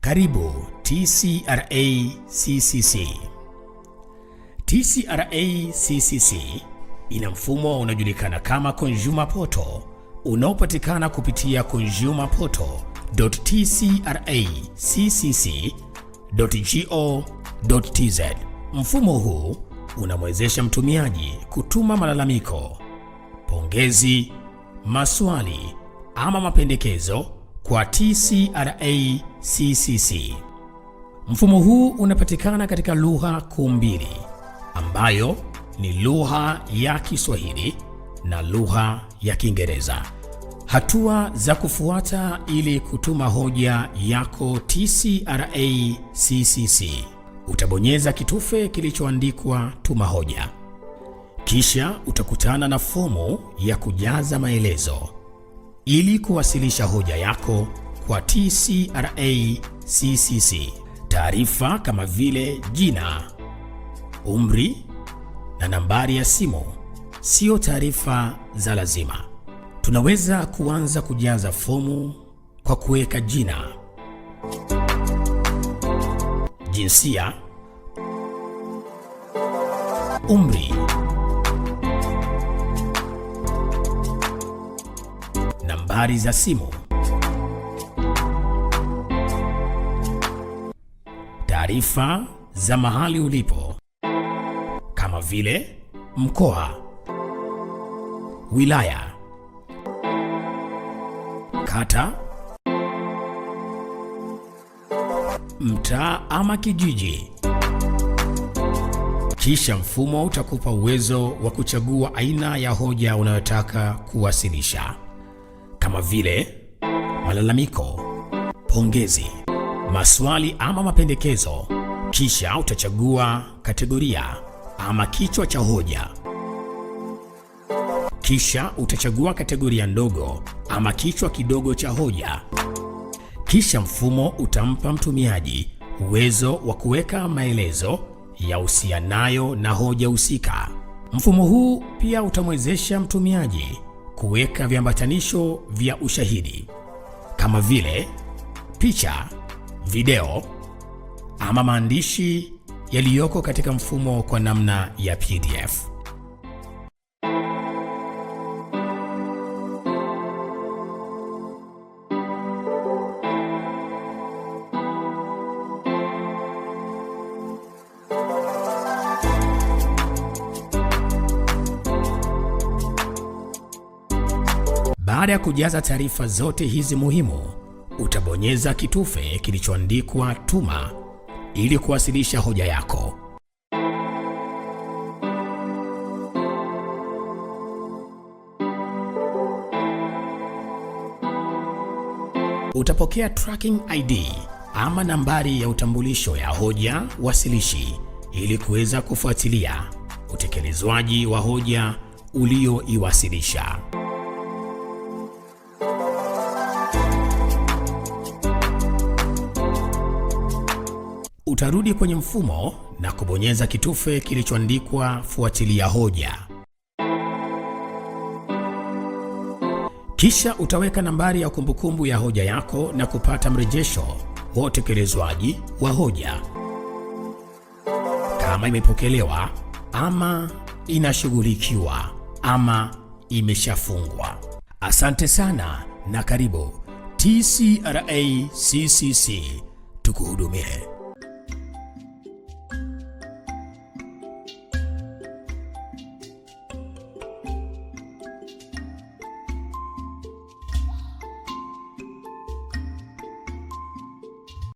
Karibu TCRA CCC. TCRA CCC ina mfumo unaojulikana kama Consumer Portal unaopatikana kupitia consumerportal.tcraccc.go.tz. Mfumo huu unamwezesha mtumiaji kutuma malalamiko, pongezi, maswali ama mapendekezo kwa TCRA-CCC. Mfumo huu unapatikana katika lugha kuu mbili ambayo ni lugha ya Kiswahili na lugha ya Kiingereza. Hatua za kufuata ili kutuma hoja yako TCRA-CCC. Utabonyeza kitufe kilichoandikwa tuma hoja, kisha utakutana na fomu ya kujaza maelezo ili kuwasilisha hoja yako kwa TCRA CCC. Taarifa kama vile jina, umri na nambari ya simu sio taarifa za lazima. Tunaweza kuanza kujaza fomu kwa kuweka jina, jinsia, umri habari za simu. Taarifa za mahali ulipo kama vile mkoa, wilaya, kata, mtaa ama kijiji. Kisha mfumo utakupa uwezo wa kuchagua aina ya hoja unayotaka kuwasilisha kama vile malalamiko, pongezi, maswali ama mapendekezo, kisha utachagua kategoria ama kichwa cha hoja, kisha utachagua kategoria ndogo ama kichwa kidogo cha hoja, kisha mfumo utampa mtumiaji uwezo wa kuweka maelezo yahusianayo na hoja husika. Mfumo huu pia utamwezesha mtumiaji kuweka viambatanisho vya ushahidi kama vile picha, video ama maandishi yaliyoko katika mfumo kwa namna ya PDF. Baada ya kujaza taarifa zote hizi muhimu, utabonyeza kitufe kilichoandikwa tuma ili kuwasilisha hoja yako. Utapokea tracking ID ama nambari ya utambulisho ya hoja wasilishi ili kuweza kufuatilia utekelezwaji wa hoja uliyoiwasilisha. utarudi kwenye mfumo na kubonyeza kitufe kilichoandikwa fuatilia hoja. Kisha utaweka nambari ya kumbukumbu ya hoja yako na kupata mrejesho wa utekelezwaji wa hoja, kama imepokelewa ama inashughulikiwa ama imeshafungwa. Asante sana na karibu TCRA CCC, tukuhudumie.